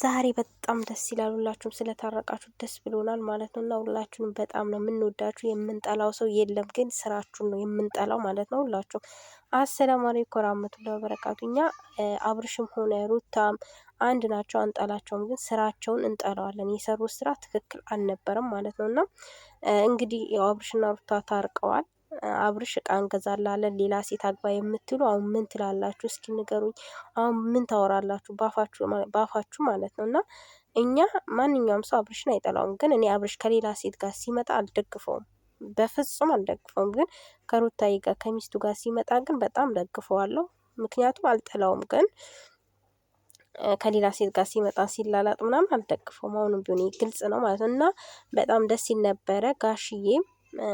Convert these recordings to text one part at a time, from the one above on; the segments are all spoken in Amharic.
ዛሬ በጣም ደስ ይላል። ሁላችሁም ስለታረቃችሁ ደስ ብሎናል ማለት ነው እና ሁላችሁንም በጣም ነው የምንወዳችሁ። የምንጠላው ሰው የለም፣ ግን ስራችሁን ነው የምንጠላው ማለት ነው። ሁላችሁም አሰላሙ አለይኩም ወራህመቱላሂ ወበረካቱ። እኛ አብርሽም ሆነ ሩታም አንድ ናቸው፣ አንጠላቸውም፣ ግን ስራቸውን እንጠላዋለን። የሰሩት ስራ ትክክል አልነበረም ማለት ነው እና እንግዲህ ያው አብርሽና ሩታ ታርቀዋል። አብርሽ እቃ እንገዛላለን ሌላ ሴት አግባ የምትሉ አሁን ምን ትላላችሁ? እስኪ ንገሩኝ። አሁን ምን ታወራላችሁ? በአፋችሁ ማለት ነው። እና እኛ ማንኛውም ሰው አብርሽን አይጠላውም፣ ግን እኔ አብርሽ ከሌላ ሴት ጋር ሲመጣ አልደግፈውም፣ በፍጹም አልደግፈውም። ግን ከሩታዬ ጋር ከሚስቱ ጋር ሲመጣ ግን በጣም ደግፈዋለሁ። ምክንያቱም አልጠላውም ግን ከሌላ ሴት ጋር ሲመጣ ሲላላጥ ምናምን አልደግፈውም። አሁንም ቢሆን ግልጽ ነው ማለት ነው እና በጣም ደስ ሲል ነበረ። ጋሽዬም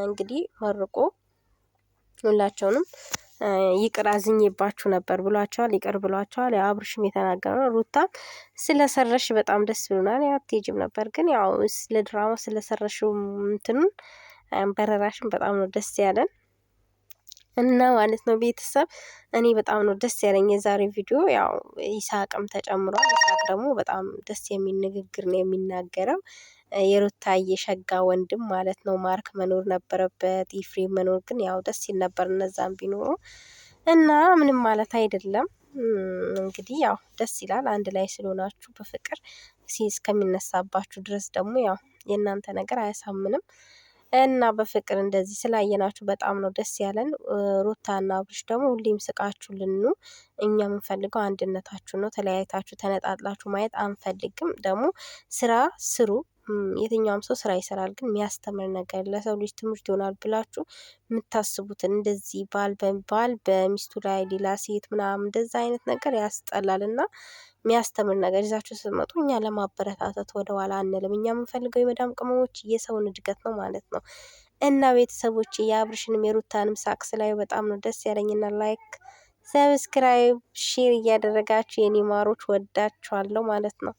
እንግዲህ መርቆ ሁላቸውንም ይቅር አዝኜባችሁ ነበር ብሏቸዋል። ይቅር ብሏቸዋል። ያው አብርሽም ነው። ሩታ ስለሰረሽ በጣም ደስ ብሎናል። ያው አትሄጂም ነበር ግን ያው ስለ ድራማ ስለሰረሽው እንትኑን በረራሽም በጣም ነው ደስ ያለን እና ማለት ነው ቤተሰብ እኔ በጣም ነው ደስ ያለኝ የዛሬ ቪዲዮ። ያው ይሳቅም ተጨምሯል። ይሳቅ ደግሞ በጣም ደስ የሚል ንግግር ነው የሚናገረው። የሩታ የሸጋ ወንድም ማለት ነው ማርክ መኖር ነበረበት። ኢፍሬም መኖር ግን ያው ደስ ይል ነበር እነዛም ቢኖሩ እና ምንም ማለት አይደለም። እንግዲህ ያው ደስ ይላል አንድ ላይ ስለሆናችሁ በፍቅር እስከሚነሳባችሁ ድረስ ደግሞ ያው የእናንተ ነገር አያሳምንም እና በፍቅር እንደዚህ ስላየናችሁ በጣም ነው ደስ ያለን። እና አብርሽ ደግሞ ሁሌም ስቃችሁ ልኑ እኛ የምንፈልገው አንድነታችሁ ነው። ተለያይታችሁ ተነጣጥላችሁ ማየት አንፈልግም። ደግሞ ስራ ስሩ የትኛውም ሰው ስራ ይሰራል፣ ግን የሚያስተምር ነገር ለሰው ልጅ ትምህርት ይሆናል ብላችሁ የምታስቡትን እንደዚህ ባል በባል በሚስቱ ላይ ሌላ ሴት ምናምን እንደዛ አይነት ነገር ያስጠላል እና የሚያስተምር ነገር ይዛችሁ ስትመጡ እኛ ለማበረታታት ወደኋላ አንልም። እኛ የምንፈልገው የመዳም ቅመሞች የሰውን እድገት ነው ማለት ነው። እና ቤተሰቦች የአብርሽንም የሩታንም ሳቅ ስላዩ በጣም ነው ደስ ያለኝና ላይክ፣ ሰብስክራይብ፣ ሼር እያደረጋችሁ የኔ ማሮች ወዳችኋለሁ ማለት ነው።